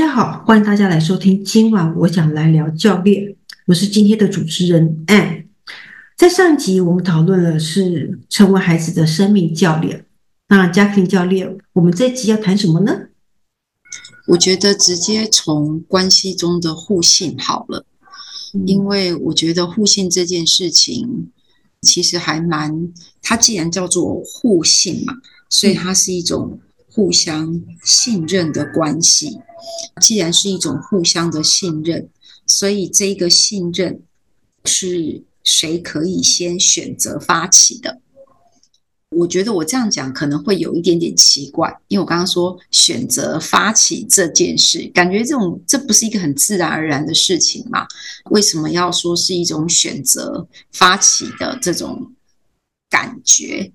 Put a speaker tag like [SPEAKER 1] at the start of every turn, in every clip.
[SPEAKER 1] 大家好，歡迎大家來收聽。今晚我想來聊教練，我是今天的主持人 Ann。在上一集我們討論了是成為孩子的生命教練，那 Jacqueline 教練，我們這一集要談什麼呢？
[SPEAKER 2] 我覺得直接從關係中的互信好了，嗯、因為我覺得互信這件事情其實還蠻，它既然叫做互信嘛，所以它是一種。互相信任的關係，既然是一種互相的信任，所以這個信任是誰可以先選擇發起的？我覺得我這樣講可能會有一點點奇怪，因為我剛剛說選擇發起這件事，感覺這種，這不是一個很自然而然的事情嘛？為什麼要說是一種選擇發起的這種？感覺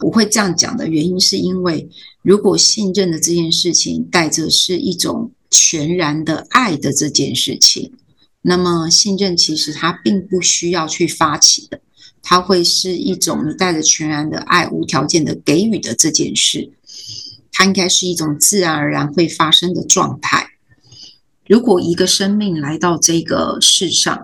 [SPEAKER 2] 我會這樣講的原因，是因為如果信任的這件事情帶着是一種全然的愛的這件事情，那麼信任其實它並不需要去發起的，它會是一種你帶着全然的愛、無條件的給予的這件事，它應該是一種自然而然會發生的狀態。如果一個生命來到這個世上，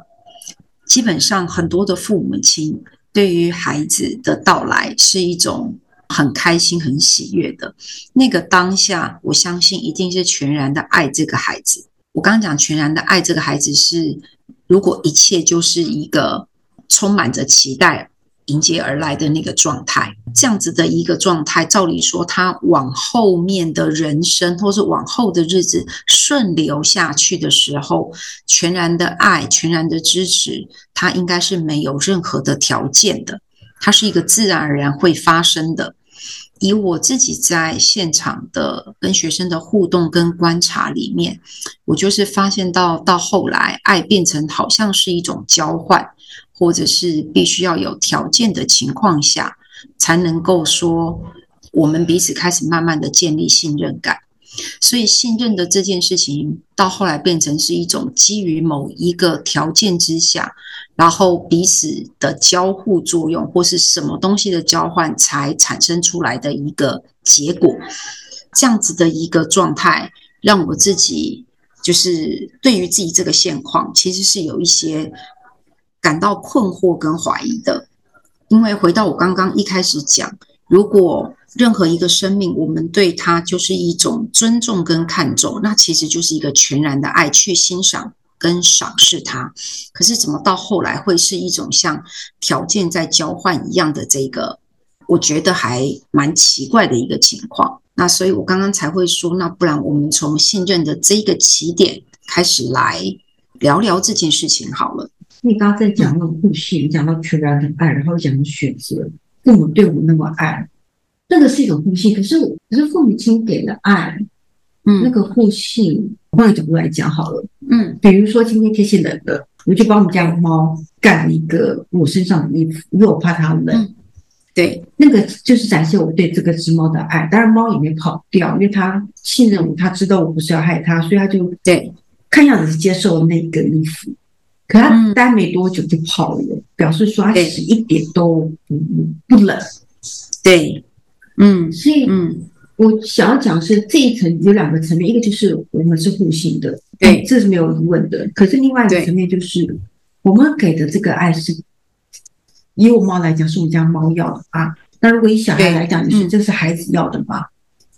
[SPEAKER 2] 基本上很多的父母親。對於孩子的到來是一種很開心、很喜悅的那個當下，我相信一定是全然的愛這個孩子。我剛剛講全然的愛這個孩子是如果一切就是一個充滿着期待迎接而來的那個狀態，這樣子的一個狀態，照理說，他往後面的人生，或是往後的日子順流下去的時候，全然的愛，全然的支持，他應該是沒有任何的條件的，它是一個自然而然會發生的。以我自己在現場的跟學生的互動跟觀察裡面，我就是發現到，到後來愛變成好像是一種交換，或者是必須要有條件的情況下，才能夠說我們彼此開始慢慢的建立信任感。所以信任的這件事情，到後來變成是一種基於某一個條件之下，然後彼此的交互作用，或是什麼東西的交換，才產生出來的一個結果，這樣子的一個狀態，讓我自己就是對於自己這個現況，其實是有一些感到困惑跟懷疑的。因為回到我剛剛一開始講，如果任何一個生命，我們對它就是一種尊重跟看重，那其實就是一個全然的愛去欣賞。跟賞識他，可是怎麼到後來會是一種像條件在交換一樣的這個，我覺得還蠻奇怪的一個情況。那所以我剛剛才會說，那不然我們從信任的這一個起點開始來聊聊這件事情好了。
[SPEAKER 1] 你剛剛在講那個互信，嗯，你講到全然的愛，然後講選擇父母對我那麼愛，那個是一種互信。可是可是父母親給了愛，嗯，那個互信換個角度來講好了。嗯，比如說今天天氣冷了，我就幫我們家的貓蓋了一個我身上的衣服，因為我怕它冷。嗯、對，那個就是展現我對這個只貓的愛。當然，貓也沒跑掉，因為它信任我，它知道我不是要害它，所以它就對。看樣子是接受了那個衣服，可它待沒多久就跑了，嗯、表示說它是一點都不不冷對。對，嗯，所以嗯，我想要講是這一層有兩個層面，一個就是我們是互信的。對、嗯，這是沒有疑問的。可是另外一個層面就是，對我們給的這個愛是，以我貓來講，是我們家貓要的啊。那如果以小孩來講，就是對這是孩子要的吧？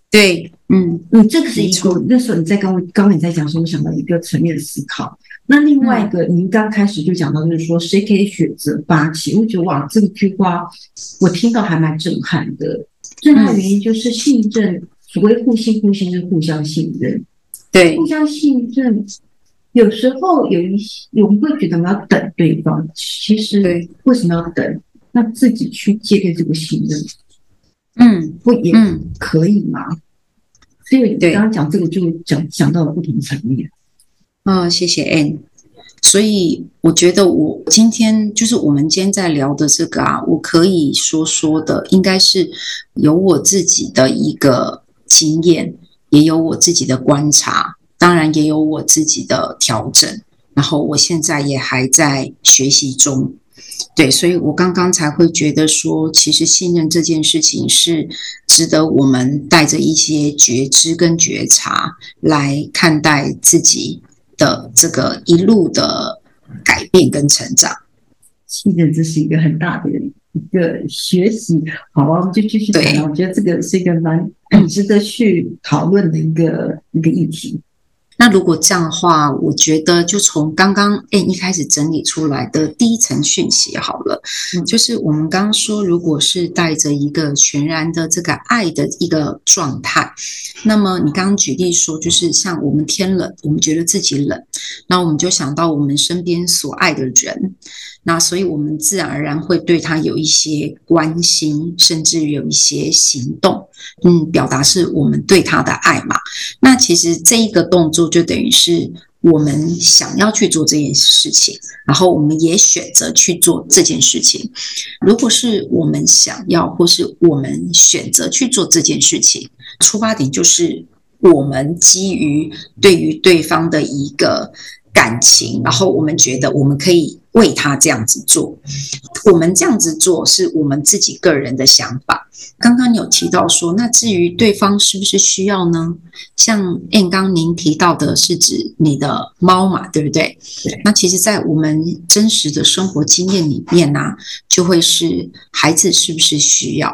[SPEAKER 1] 對，嗯，嗯，你這個是一個錯那時候你在跟我，剛剛你在講說，我想到一個層面的思考。那另外一個，嗯、您剛開始就講到就是說，誰可以選擇發起？我覺得哇，這個句話我聽到還蠻震撼的。震撼的原因就是信任，嗯、所謂互信，互信是互相信任。對，互相信任，有時候有一些我們會覺得我們要等對方，其實為什麼要等？那自己去建立這個信任，對嗯，不也可以嗎？嗯、所以你剛剛講這個就講對講、講到了不同層面。嗯，
[SPEAKER 2] 謝謝 Ann。所以我覺得我今天就是我們今天在聊的這個啊，我可以說說的，應該是有我自己的一個經驗。也有我自己的觀察，當然也有我自己的調整，然後我現在也還在學習中，對，所以我剛剛才會覺得說，其實信任這件事情是值得我們帶着一些覺知跟覺察來看待自己的這個一路的改變跟成長。
[SPEAKER 1] 其實這是一個很大的一個學習，好吧，我們就繼續講，對，我覺得這個是一個蠻值得去討論的一個一個議題。
[SPEAKER 2] 那如果這樣的話，我覺得就從剛剛誒一開始整理出來的第一層訊息好了，嗯、就是我們剛剛說，如果是帶着一個全然的這個愛的一個狀態，那麼你剛剛舉例說，就是像我們天冷，我們覺得自己冷，那我們就想到我們身邊所愛的人。那所以，我們自然而然會對他有一些關心，甚至有一些行動，嗯，表達是我們對他的愛嘛。那其實這一個動作就等於是我們想要去做這件事情，然後我們也選擇去做這件事情。如果是我們想要或是我們選擇去做這件事情，出發點就是我們基於對於對方的一個感情，然後我們覺得我們可以。為他這樣子做，我們這樣子做是我們自己個人的想法。剛剛有提到說，那至於對方是不是需要呢？像燕剛您提到的是指你的貓嘛，對不對？那其實，在我們真實的生活經驗裡面呢啊，就會是孩子是不是需要，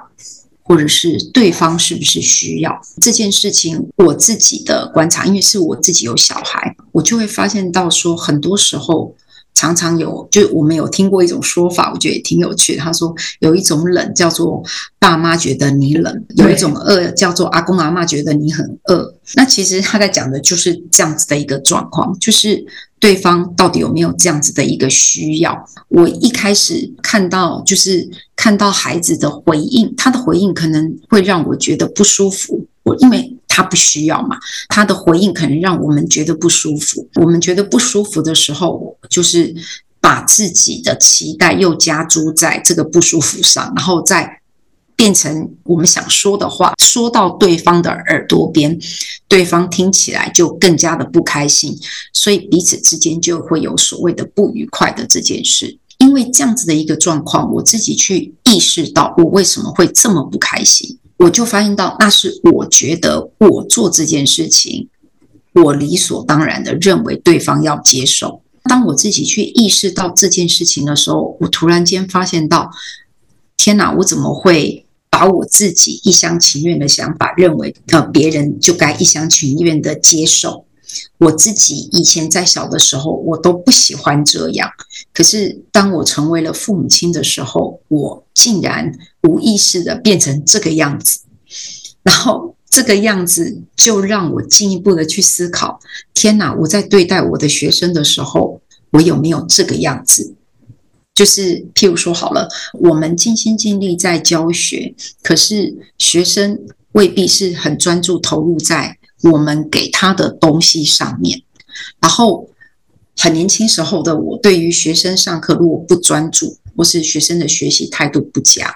[SPEAKER 2] 或者是對方是不是需要這件事情。我自己的觀察，因為是我自己有小孩，我就會發現到說，很多時候。常常有，就是我們有聽過一種說法，我覺得也挺有趣的。他說有一種冷叫做爸媽覺得你冷，對有一種餓叫做阿公阿嬤覺得你很餓。那其實他在講的就是這樣子的一個狀況，就是對方到底有沒有這樣子的一個需要。我一開始看到就是看到孩子的回應，他的回應可能會讓我覺得不舒服，我因為。他不需要嘛，他的回應可能讓我們覺得不舒服。我們覺得不舒服的時候，就是把自己的期待又加諸在這個不舒服上，然後再變成我們想說的話說到對方的耳朵邊，對方聽起來就更加的不開心，所以彼此之間就會有所謂的不愉快的這件事。因為這樣子的一個狀況，我自己去意識到我為什麼會這麼不開心。我就發現到，那是我覺得我做這件事情，我理所當然的認為對方要接受。當我自己去意識到這件事情的時候，我突然間發現到，天哪，我怎麼會把我自己一廂情願的想法認為，呃，別人就該一廂情願的接受？我自己以前在小的時候，我都不喜歡這樣。可是，當我成為了父母親的時候，我竟然無意識的變成這個樣子，然後這個樣子就讓我進一步的去思考：天哪！我在對待我的學生的時候，我有沒有這個樣子？就是，譬如說好了，我們盡心盡力在教學，可是學生未必是很專注投入在我們給他的東西上面，然後。很年輕時候的我，對於學生上課如果不專注，或是學生的學習態度不佳，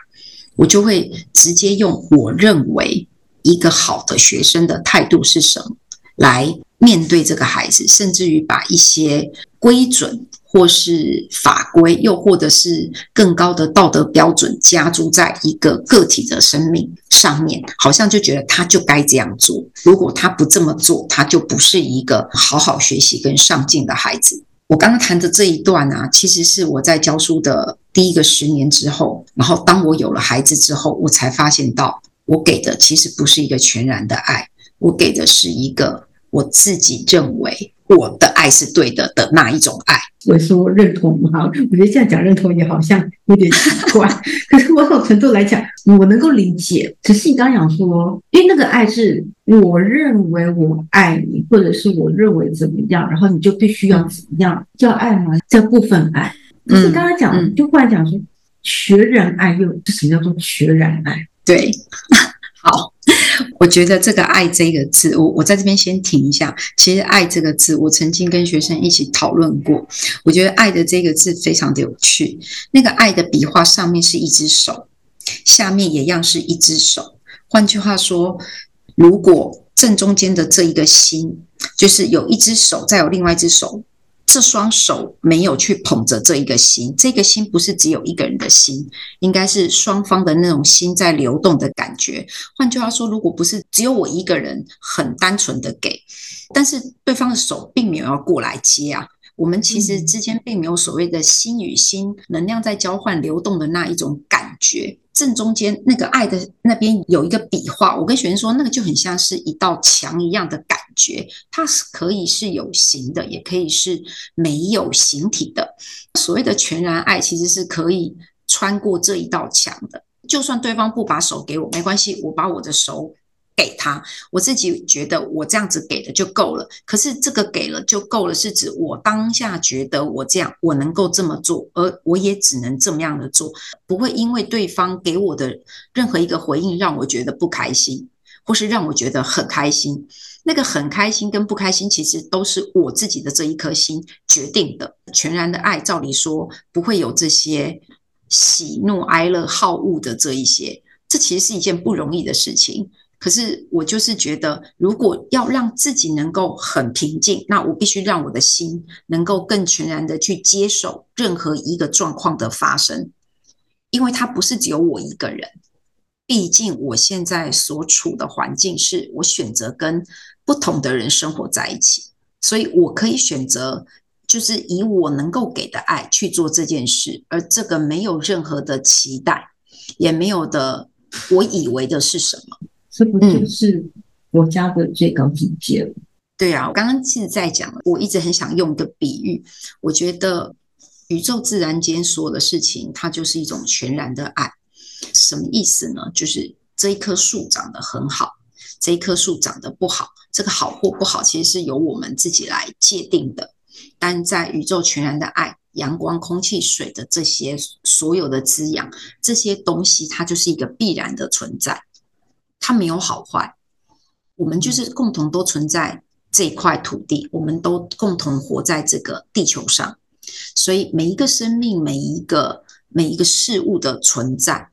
[SPEAKER 2] 我就會直接用我認為一個好的學生的態度是什麼來面對這個孩子，甚至於把一些規準，或是法規，又或者是更高的道德標準加諸在一個個體的生命上面，好像就覺得他就該這樣做。如果他不這麼做，他就不是一個好好學習跟上進的孩子。我剛剛談的這一段呢、啊，其實是我在教書的第一個十年之後，然後當我有了孩子之後，我才發現到我給的其實不是一個全然的愛，我給的是一個我自己認為。我的愛是對的的那一種愛，
[SPEAKER 1] 我說認同嗎？我覺得現在講認同也好像有點奇怪。 可是某種程度來講，我能夠理解。只是你剛剛講說，因為那個愛是我認為我愛你，或者是我認為怎麼樣，然後你就必須要怎麼樣叫、嗯、愛嗎？叫部分愛？可是剛剛
[SPEAKER 2] 講，嗯、就忽然講說，全然
[SPEAKER 1] 愛又是什麼叫做全然愛？
[SPEAKER 2] 對，好。我覺得這個“愛”這個字，我我在這邊先停一下。其實“愛”這個字，我曾經跟學生一起討論過。我覺得“愛”的這個字非常的有趣。那個“愛”的筆畫上面是一隻手，下面也一樣是一隻手。換句話說，如果正中間的這一個心，就是有一隻手，再有另外一隻手。這雙手沒有去捧着這一個心，這個心不是只有一個人的心，應該是雙方的那種心在流動的感覺。換句話說，如果不是只有我一個人很單純的給，但是對方的手並沒有要過來接啊。我們其實之間並沒有所謂的心與心能量在交換流動的那一種感覺。正中間那個愛的那邊有一個筆畫，我跟學生說，那個就很像是一道牆一樣的感覺，它是可以是有形的，也可以是沒有形體的。所謂的全然愛，其實是可以穿過這一道牆的，就算對方不把手給我，沒關係，我把我的手。給他，我自己覺得我這樣子給的就夠了。可是這個給了就夠了，是指我當下覺得我這樣我能夠這麼做，而我也只能這麼樣的做，不會因為對方給我的任何一個回應讓我覺得不開心，或是讓我覺得很開心。那個很開心跟不開心，其實都是我自己的這一顆心決定的。全然的愛，照理說不會有這些喜怒哀樂、好惡的這一些。這其實是一件不容易的事情。可是我就是覺得，如果要讓自己能夠很平靜，那我必須讓我的心能夠更全然的去接受任何一個狀況的發生，因為它不是只有我一個人。畢竟我現在所處的環境是我選擇跟不同的人生活在一起，所以我可以選擇，就是以我能夠給的愛去做這件事，而這個沒有任何的期待，也沒有的我以為的是什麼。
[SPEAKER 1] 這不就是我家的最高境界了？
[SPEAKER 2] 對啊，我剛剛是在講，我一直很想用一個比喻。我覺得宇宙自然間所有的事情，它就是一種全然的愛。什麼意思呢？就是這一棵樹長得很好，這一棵樹長得不好，這個好或不好其實是由我們自己來界定的。但在宇宙全然的愛，陽光、空氣、水的這些所有的滋養，這些東西它就是一個必然的存在。它沒有好壞，我們就是共同都存在這一塊土地，我們都共同活在這個地球上，所以每一個生命、每一個每一個事物的存在，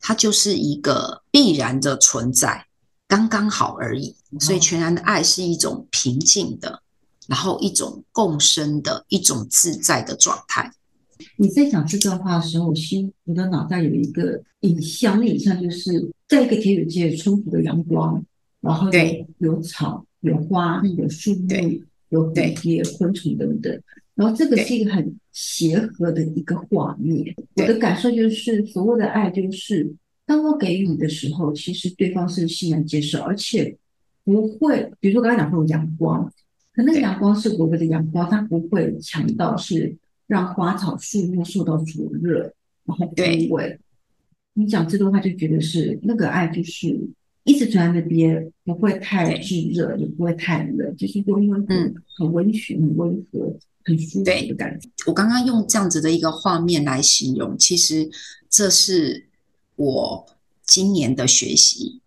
[SPEAKER 2] 它就是一個必然的存在，剛剛好而已。所以全然的愛是一種平靜的，然後一種共生的，一種自在的狀態。
[SPEAKER 1] 你在講這段話的時候，我心我的腦袋有一個影像，那影像就是在一個田野間充足的陽光，然後有對有草、有花、有樹木、有蝴蝶、昆蟲等等。然後這個是一個很協和的一個畫面。對我的感受就是，所謂的愛，就是當我給予你的時候，其實對方是欣然接受，而且不會。比如說剛才講會有陽光，可能那個陽光是國國的陽光，他不會強到是。讓花草樹木受到灼熱，對然後枯萎。對你講這段話就覺得是那個愛，就是一直存在那邊，不會太炙熱，對也不會太冷，就是都因為很
[SPEAKER 2] 很嗯，很溫煦，很溫和，很舒服的感覺對。我剛剛用這樣子的一個畫面來形容，其實這是我今年的學習。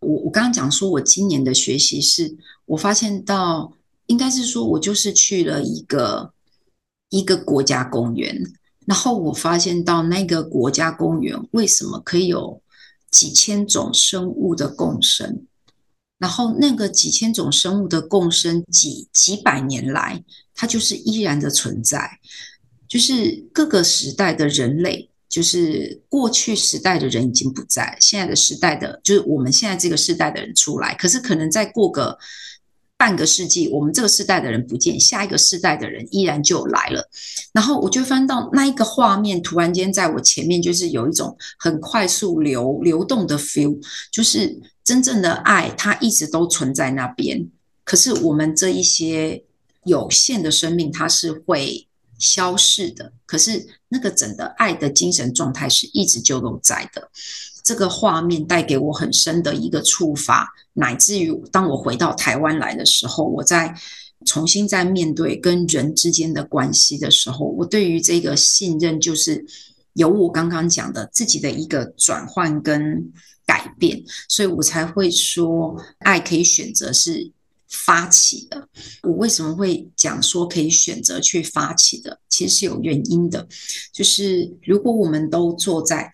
[SPEAKER 2] 我我剛剛講說我今年的學習是，是我發現到，應該是說我就是去了一個。一個國家公園，然後我發現到那個國家公園為什麼可以有幾千種生物的共生，然後那個幾千種生物的共生幾幾百年來，它就是依然的存在，就是各個時代的人類，就是過去時代的人已經不在，現在的時代的就是我們現在這個時代的人出來，可是可能再過個。半個世紀，我們這個世代的人不見，下一個世代的人依然就來了。然後我就翻到那一個畫面，突然間在我前面，就是有一種很快速流流動的 feel，就是真正的愛，它一直都存在那邊。可是我們這一些有限的生命，它是會消逝的。可是那個整的愛的精神狀態，是一直就都在的。這個畫面帶給我很深的一個觸發，乃至於當我回到台灣來的時候，我在重新在面對跟人之間的關係的時候，我對於這個信任就是由我剛剛講的自己的一個轉換跟改變，所以我才會說愛可以選擇是發起的。我為什麼會講說可以選擇去發起的？其實是有原因的，就是如果我們都坐在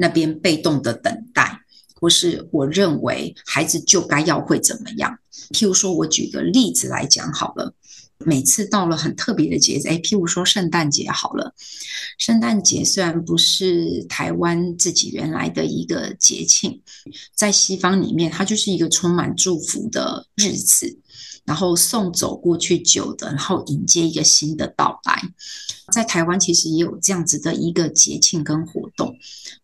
[SPEAKER 2] 那邊被動的等待，或是我認為孩子就該要會怎麼樣？譬如說，我舉個例子來講好了。每次到了很特別的節日，誒，譬如說聖誕節好了。聖誕節雖然不是台灣自己原來的一個節慶，在西方裡面，它就是一個充滿祝福的日子。然後送走過去舊的，然後迎接一個新的到來。在台灣其實也有這樣子的一個節慶跟活動。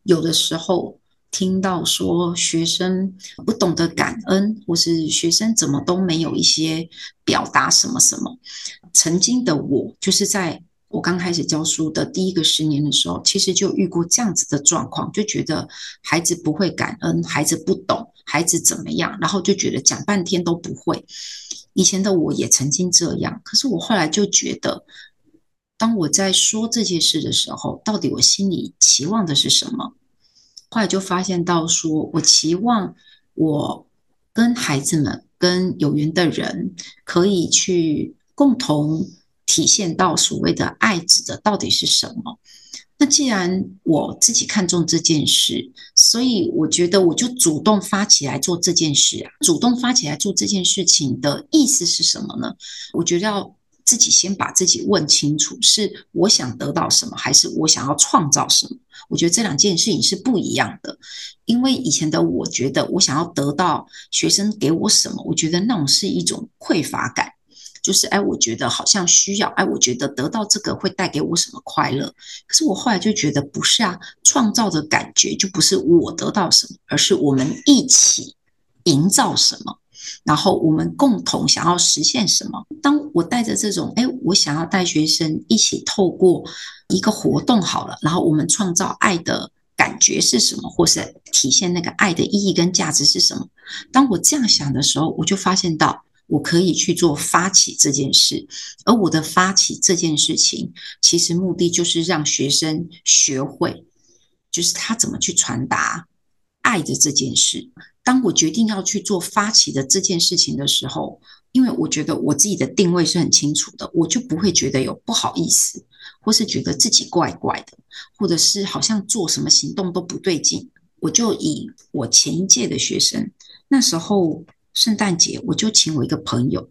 [SPEAKER 2] 有的時候聽到說，學生不懂得感恩，或是學生怎麼都沒有一些表達什麼什麼。曾經的我，就是在我剛開始教書的第一個十年的時候，其實就遇過這樣子的狀況，就覺得孩子不會感恩，孩子不懂，孩子怎麼樣，然後就覺得講半天都不會。以前的我也曾經這樣，可是我後來就覺得，當我在說這些事的時候，到底我心裡期望的是什麼？後來就發現到說，說我期望我跟孩子們、跟有緣的人，可以去共同體現到所謂的愛，指的到底是什麼？那既然我自己看重這件事，所以我覺得我就主動發起來做這件事啊。主動發起來做這件事情的意思是什麼呢？我覺得要自己先把自己問清楚：是我想得到什麼，還是我想要創造什麼？我覺得這兩件事情是不一樣的。因為以前的我覺得我想要得到學生給我什麼，我覺得那種是一種匱乏感。就是，哎，我覺得好像需要，哎，我覺得得到這個會帶給我什麼快樂？可是我後來就覺得不是啊，創造的感覺就不是我得到什麼，而是我們一起營造什麼，然後我們共同想要實現什麼。當我帶着這種，哎，我想要帶學生一起透過一個活動好了，然後我們創造愛的感覺是什麼，或是體現那個愛的意義跟價值是什麼？當我這樣想的時候，我就發現到。我可以去做發起這件事，而我的發起這件事情，其實目的就是讓學生學會，就是他怎麼去傳達愛的這件事。當我決定要去做發起的這件事情的時候，因為我覺得我自己的定位是很清楚的，我就不會覺得有不好意思，或是覺得自己怪怪的，或者是好像做什麼行動都不對勁。我就以我前一屆的學生，那時候。聖誕節，我就請我一個朋友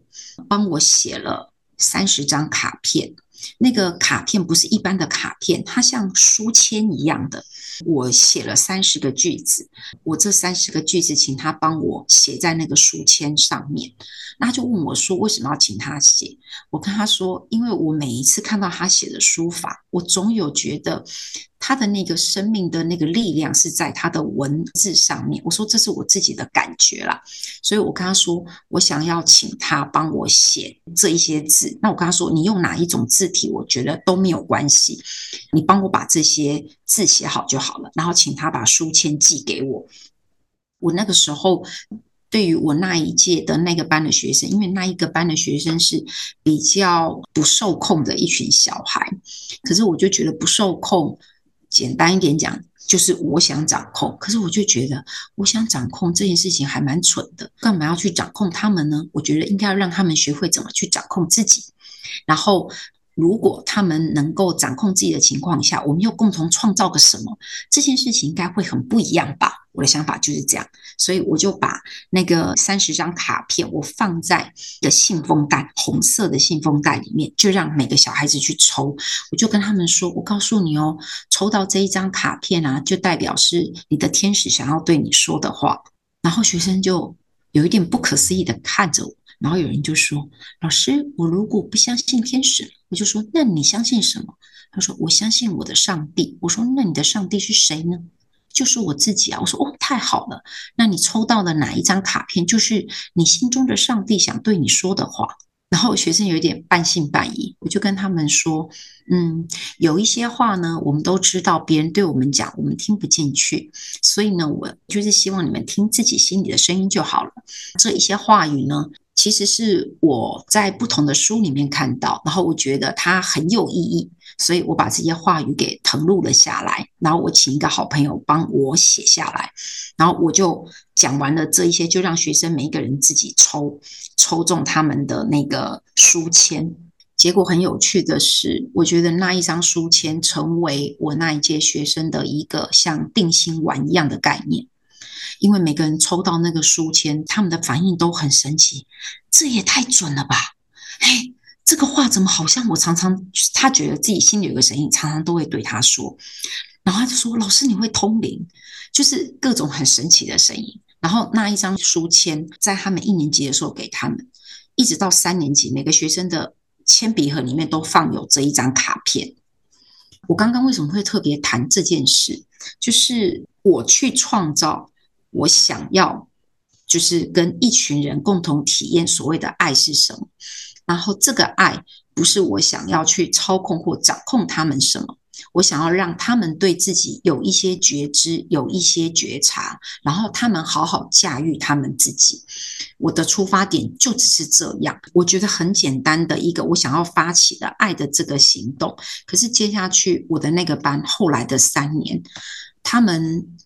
[SPEAKER 2] 幫我寫了三十張卡片。那個卡片不是一般的卡片，它像書籤一樣的。我寫了三十個句子，我這三十個句子請他幫我寫在那個書籤上面。那他就問我說：“為什麼要請他寫？”我跟他說：“因為我每一次看到他寫的書法，我總有覺得。”他的那個生命的那個力量是在他的文字上面。我說這是我自己的感覺啦，所以我跟他說，我想要請他幫我寫這一些字。那我跟他說，你用哪一種字體，我覺得都沒有關係，你幫我把這些字寫好就好了。然後請他把書籤寄給我。我那個時候對於我那一屆的那個班的學生，因為那一個班的學生是比較不受控的一群小孩，可是我就覺得不受控，簡單一點講，就是我想掌控，可是我就覺得，我想掌控這件事情還蠻蠢的，幹嘛要去掌控他們呢？我覺得應該要讓他們學會怎麼去掌控自己。然後，如果他們能夠掌控自己的情況下，我們又共同創造個什麼，這件事情應該會很不一樣吧。我的想法就是這樣，所以我就把那個三十張卡片，我放在一個信封袋，紅色的信封袋裡面，就讓每個小孩子去抽。我就跟他們說：“我告訴你哦，抽到這一張卡片啊，就代表是你的天使想要對你說的話。”然後學生就有一點不可思議的看着我，然後有人就說：“老師，我如果不相信天使，我就說那你相信什麼？”他說：“我相信我的上帝。”我說：“那你的上帝是誰呢？”就是我自己啊！我說哦，太好了！那你抽到了哪一張卡片？就是你心中的上帝想對你說的話。然後學生有點半信半疑，我就跟他們說：嗯，有一些話呢，我們都知道別人對我們講，我們聽不進去。所以呢，我就是希望你們聽自己心裡的聲音就好了。這一些話語呢。其實是我在不同的書裡面看到，然後我覺得它很有意義，所以我把這些話語給謄錄了下來，然後我請一個好朋友幫我寫下來，然後我就講完了這一些，就讓學生每一個人自己抽，抽中他們的那個書籤。結果很有趣的是，我覺得那一張書籤成為我那一屆學生的一個像定心丸一樣的概念。因為每個人抽到那個書籤，他們的反應都很神奇，這也太準了吧！誒，這個話怎麼好像我常常他覺得自己心裡有個聲音，常常都會對他說。然後他就說：“老師，你會通靈，就是各種很神奇的聲音。”然後那一張書籤在他們一年級的時候給他們，一直到三年級，每個學生的鉛筆盒裡面都放有這一張卡片。我剛剛為什麼會特別談這件事？就是我去創造。我想要，就是跟一群人共同體驗所謂的愛是什麼。然後，這個愛不是我想要去操控或掌控他們什麼，我想要讓他們對自己有一些覺知，有一些覺察，然後他們好好駕馭他們自己。我的出發點就只是這樣。我覺得很簡單的一個我想要發起的愛的這個行動。可是接下去我的那個班後來的三年，他們。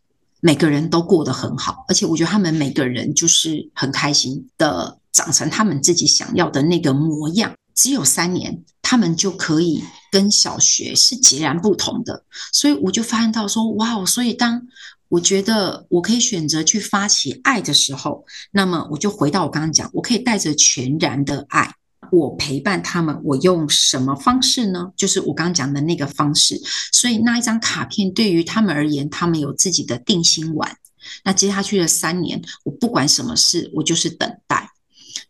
[SPEAKER 2] 每個人都過得很好，而且我覺得他們每個人就是很開心的長成他們自己想要的那個模樣。只有三年，他們就可以跟小學是截然不同的。所以我就發現到說，哇哦，所以當我覺得我可以選擇去發起愛的時候，那麼我就回到我剛剛講，我可以帶着全然的愛。我陪伴他們，我用什麼方式呢？就是我剛剛講的那個方式。所以那一張卡片對於他們而言，他們有自己的定心丸。那接下去的三年，我不管什麼事，我就是等待。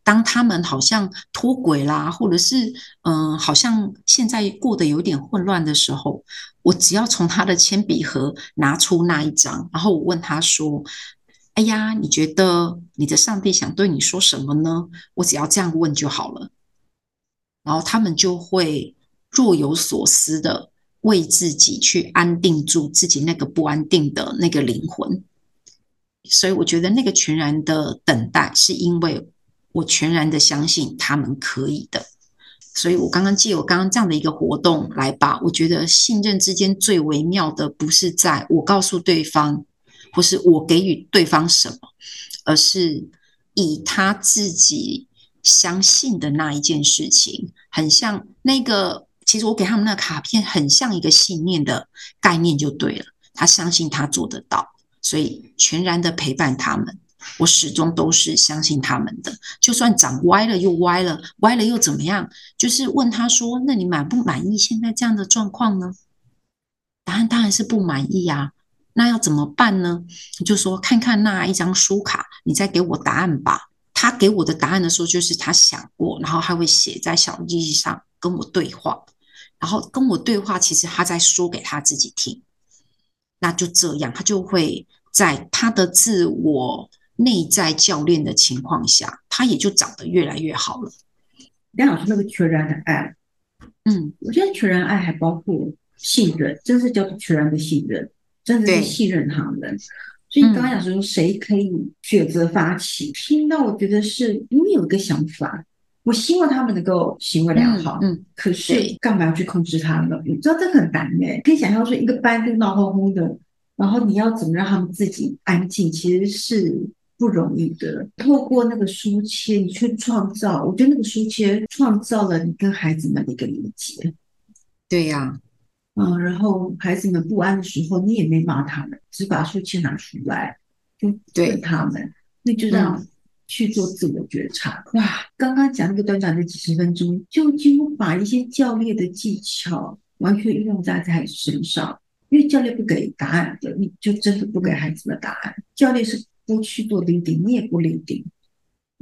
[SPEAKER 2] 當他們好像脫軌啦，或者是嗯、呃，好像現在過得有點混亂的時候，我只要從他的鉛筆盒拿出那一張，然後我問他說：“哎呀，你覺得你的上帝想對你說什麼呢？”我只要這樣問就好了。然後他們就會若有所思地為自己去安定住自己那個不安定的那個靈魂，所以我覺得那個全然的等待，是因為我全然的相信他們可以的。所以我剛剛借我剛剛這樣的一個活動來把，我覺得信任之間最微妙的不是在我告訴對方，或是我給予對方什麼，而是以他自己。相信的那一件事情，很像那個。其實我給他們那卡片，很像一個信念的概念，就對了。他相信他做得到，所以全然的陪伴他們。我始終都是相信他們的，就算長歪了又歪了，歪了又怎麼樣？就是問他說：“那你滿不滿意現在這樣的狀況呢？”答案當然是不滿意呀。那要怎麼辦呢？你就說看看那一張書卡，你再給我答案吧。他給我的答案的時候，就是他想過，然後他會寫在小日記上跟我對話，然後跟我對話，其實他在說給他自己聽。那就這樣，他就會在他的自我內在教練的情況下，他也就長得越來越好了。梁老師，那個全然的愛，嗯，我覺得全然愛還包括信任，真是叫
[SPEAKER 1] 做全然的信任，真的是信任他們。所以你剛剛講說誰可以選擇發起，嗯、聽到我覺得是因為有一個想法，我希望他們能夠行為良好，嗯，嗯可是幹嘛要去控制他們呢？嗯、你知道這個很難誒、欸，可以想象說一個班都鬧哄哄的，然後你要怎麼讓他們自己安靜，其實是不容易的。透過那個書簽，你去創造，我覺得那個書簽創造了你跟孩子們的一個理解。對呀、啊。嗯，嗯然後孩子們不安的時候，你也沒罵他們，嗯、只把書籤拿出來，就給他們，對那就讓、嗯、去做自我覺察。哇，剛剛講那個短短的幾十分鐘，就幾乎把一些教練的技巧完全運用在他身上，因為教練不給答案的，你就真的不給孩子們答案。教練是不去做釘釘，你也不領釘。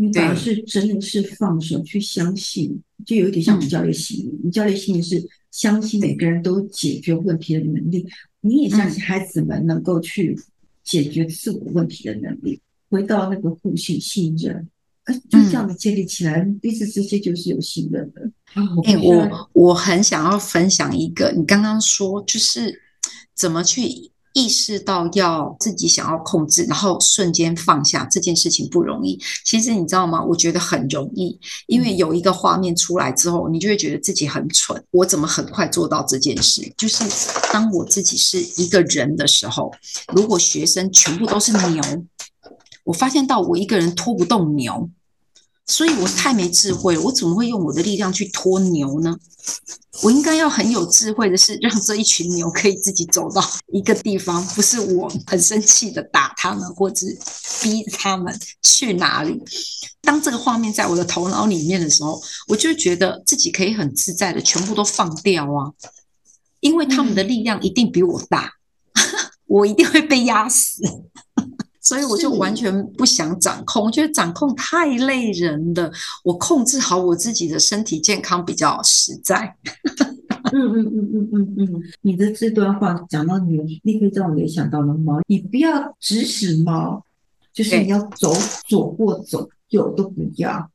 [SPEAKER 1] 你反而是真的是放手去相信，對就有一點像你教練心理，嗯、你教練心理是。相信每個人都有解決問題的能力，對你也相信孩子們能夠去解決自我問題的能力。嗯、回
[SPEAKER 2] 到那個互信信任，呃、欸，就這樣子建立起來，彼此、嗯、之間就是有信任的。
[SPEAKER 1] 哎、欸，我
[SPEAKER 2] 我很想要分享一個，你剛剛說就是怎麼去。意識到要自己想要控制，然後瞬間放下這件事情不容易。其實你知道嗎？我覺得很容易，因為有一個畫面出來之後，你就會覺得自己很蠢。我怎麼很快做到這件事？就是當我自己是一個人的時候，如果學生全部都是牛，我發現到我一個人拖不動牛。所以我太沒智慧了，我怎麼會用我的力量去拖牛呢？我應該要很有智慧的是，讓這一群牛可以自己走到一個地方，不是我很生氣的打他們，或者逼他們去哪裡。當這個畫面在我的頭腦裡面的時候，我就覺得自己可以很自在的全部都放掉啊，因為他們的力量一定比我大，嗯、 我一定會被壓死。所以我就完全不想掌控，我是覺得掌控太累人了，我控制好我自己的身體健康比較實在。
[SPEAKER 1] 嗯嗯嗯嗯嗯嗯，你的這段話講到你，立刻讓我聯想到了貓。你不要指使貓，就是你要走對左或走右都不要。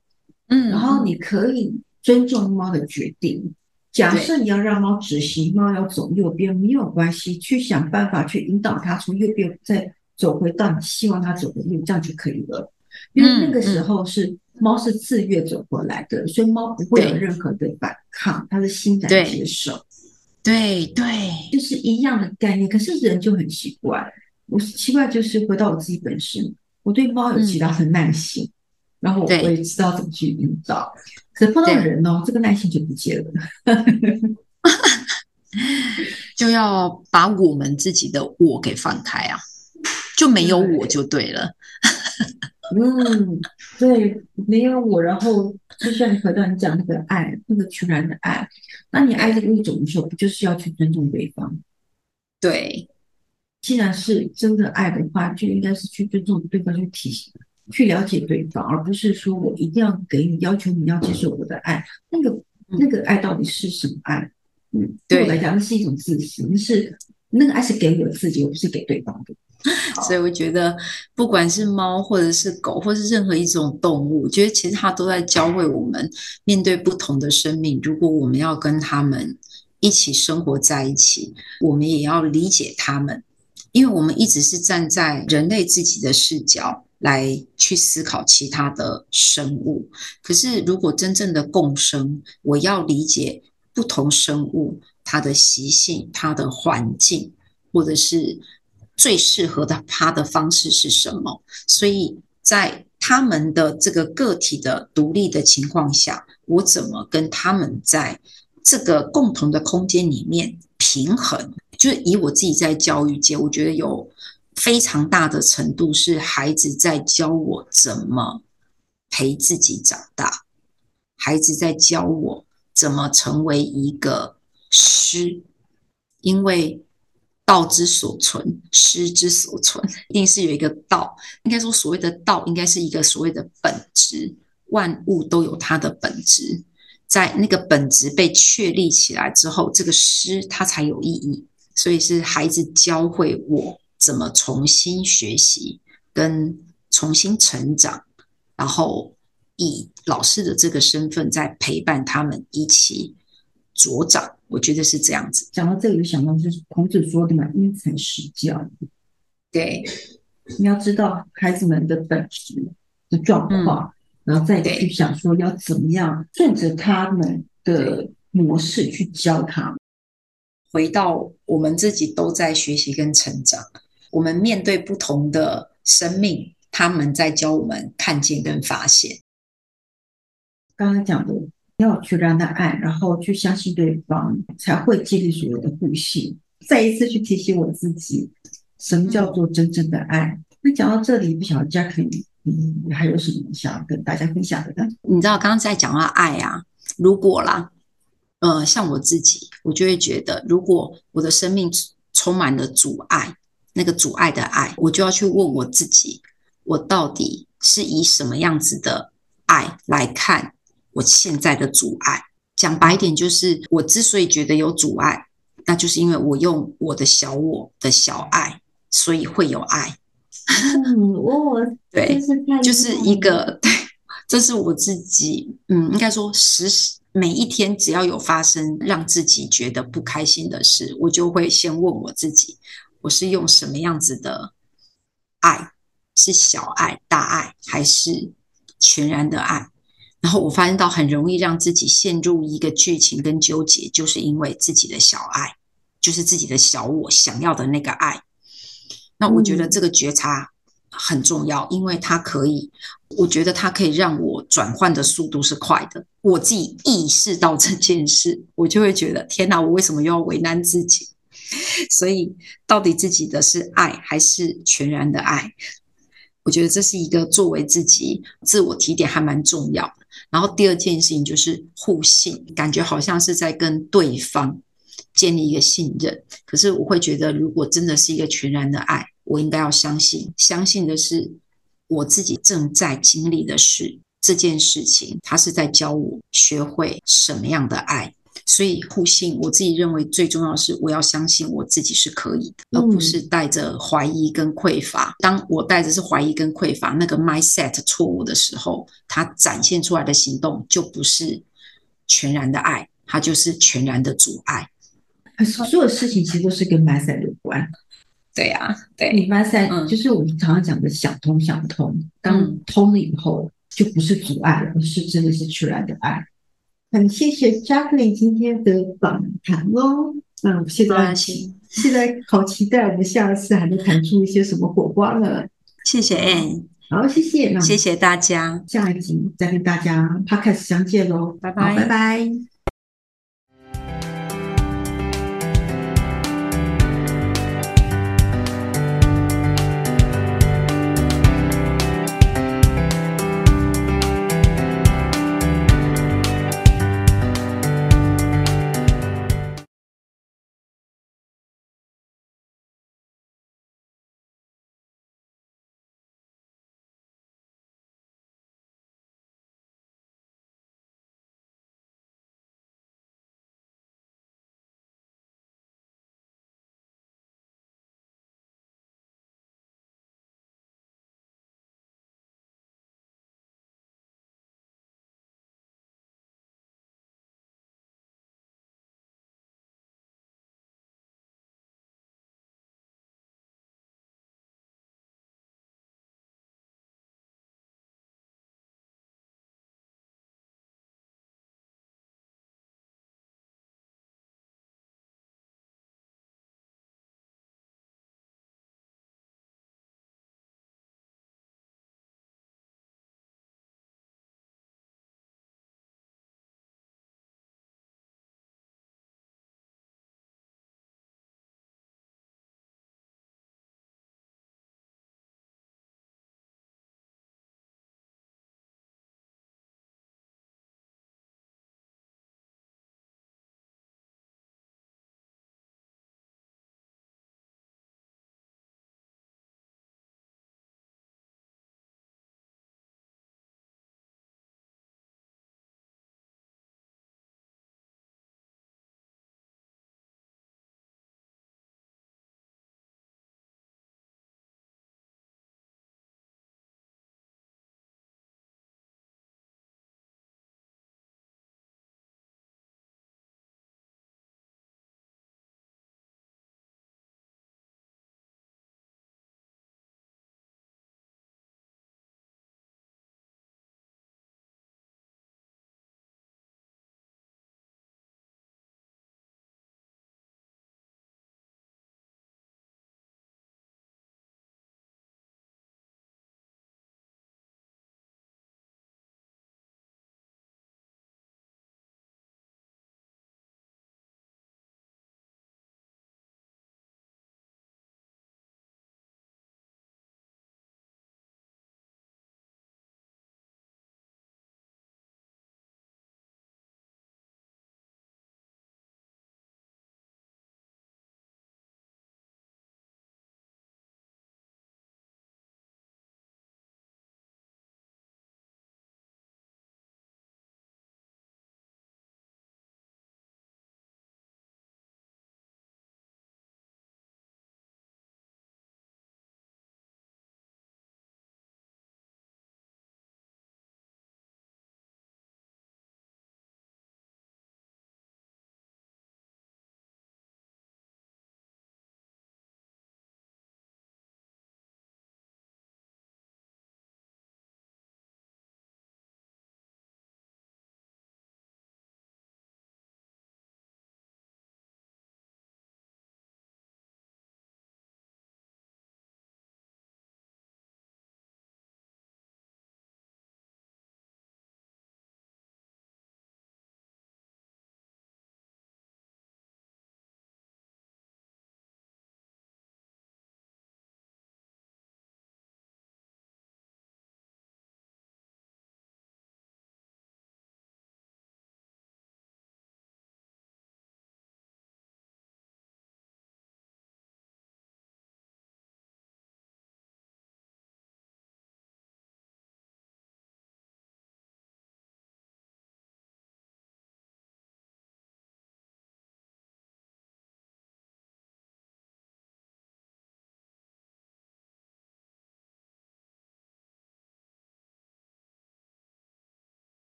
[SPEAKER 1] 嗯，然後你可以尊重貓的決定。嗯、假設你要讓貓執行，對貓要走右邊沒有關係，去想辦法去引導它從右邊再。走回到你希望他走的路，這樣就可以了。因為那個時候是貓、嗯、是自願走過來的，嗯、所以貓不會有任何的反抗，對它的心在接受。對對，對就是一樣的概念。可是人就很奇怪，我奇怪就是回到我自己本身，我對貓有極大的耐心，嗯、然後我會知道怎麼去引導。對可是碰到人呢、哦，對這
[SPEAKER 2] 個耐心就不見了， 就要把我們自己的我給放開啊。就沒有我就對了，
[SPEAKER 1] 對， 嗯，對，沒有我，然後就像你回到你講那個愛，那個全然的愛，那你愛這個物種的時候，不就是要去尊重對方？對，既然是真的愛的話，就應該是去尊重對方，去體，去了解對方，而不是說我一定要給你要求你要接受我的愛。嗯、那個那個愛到底是什麼愛？嗯，對我來講，那是一種自信，是那個愛是給我自己，而不是給對方的。
[SPEAKER 2] 好。所以我覺得，不管是貓或者是狗，或者是任何一種動物，我覺得其實它都在教會我們面對不同的生命。如果我們要跟它們一起生活在一起，我們也要理解它們，因為我們一直是站在人類自己的視角來去思考其他的生物。可是，如果真正的共生，我要理解不同生物它的習性、它的環境，或者是。最適合的他的方式是什麼？所以在他們的這個個體的獨立的情況下，我怎麼跟他們在這個共同的空間裡面平衡？就以我自己在教育界，我覺得有非常大的程度是孩子在教我怎麼陪自己長大，孩子在教我怎麼成為一個師，因為。道之所存，師之所存，一定是有一個道。應該說，所謂的道，應該是一個所謂的本質。萬物都有它的本質，在那個本質被確立起來之後，這個師它才有意義。所以是孩子教會我怎麼重新學習，跟重新成長，然後以老師的這個身份在陪伴他們一起茁長。我覺得是這樣子。
[SPEAKER 1] 講到這裡，就想到就是孔子說的嘛，“因材施教”。對，你要知道孩子們的本質的狀況，嗯、然後再去想說要怎麼樣順對着他們
[SPEAKER 2] 的模式去教他們。回到我們自己都在學習跟成長，我們面對不同的生命，他們在教我們看見跟發現。剛
[SPEAKER 1] 剛講的。要去讓他愛，然後去相信對方，才會建立所謂的互信。再一次去提醒我自己，什麼叫做真正的愛？那講到這裡，不曉得 Jacky，你
[SPEAKER 2] 還有什麼想要跟大家分享的呢？你知道，剛剛在講到愛啊，如果啦，呃，像我自己，我就會覺得，如果我的生命充滿了阻礙，那個阻礙的愛，我就要去問我自己，我到底是以什麼樣子的愛來看？我現在的阻礙，講白一點，就是我之所以覺得有阻礙，那就是因為我用我的小我的小愛，所以會有愛。嗯，我、哦、我 對，是就是一個對，這是我自己。嗯，應該說時，時時每一天，只要有發生讓自己覺得不開心的事，我就會先問我自己，我是用什麼樣子的愛？是小愛、大愛，還是全然的愛？然後我發現到很容易讓自己陷入一個劇情跟糾結，就是因為自己的小愛，就是自己的小我想要的那個愛。那我覺得這個覺察很重要，因為它可以，我覺得它可以讓我轉換的速度是快的。我自己意識到這件事，我就會覺得天哪，我為什麼又要為難自己？所以到底自己的是愛還是全然的愛？我覺得這是一個作為自己自我提點還蠻重要。然後第二件事情就是互信，感覺好像是在跟對方建立一個信任。可是我會覺得，如果真的是一個全然的愛，我應該要相信，相信的是我自己正在經歷的事。這件事情，他是在教我學會什麼樣的愛。所以互信，我自己認為最重要的是，我要相信我自己是可以的，而不是帶着懷疑跟匱乏。嗯、當我帶着是懷疑跟匱乏，那個 mindset 錯誤的時候，它展現出來的行動就不是全然的愛，它就是全然的阻礙。
[SPEAKER 1] 所有事情其實都是跟 mindset 有關。對呀、啊，對，你 mindset、嗯、就是我們常常講的想通想不通，當通了以後，就不是阻礙，而是真的是全然的愛。很、嗯、謝謝 Jacqueline 今天的訪談哦，嗯，現在現在好期待我們下一次還能談出一些什麼火花了，謝謝，好謝謝，謝謝大家，下一集再跟大家 Podcast 相見嘍，好拜拜，拜拜。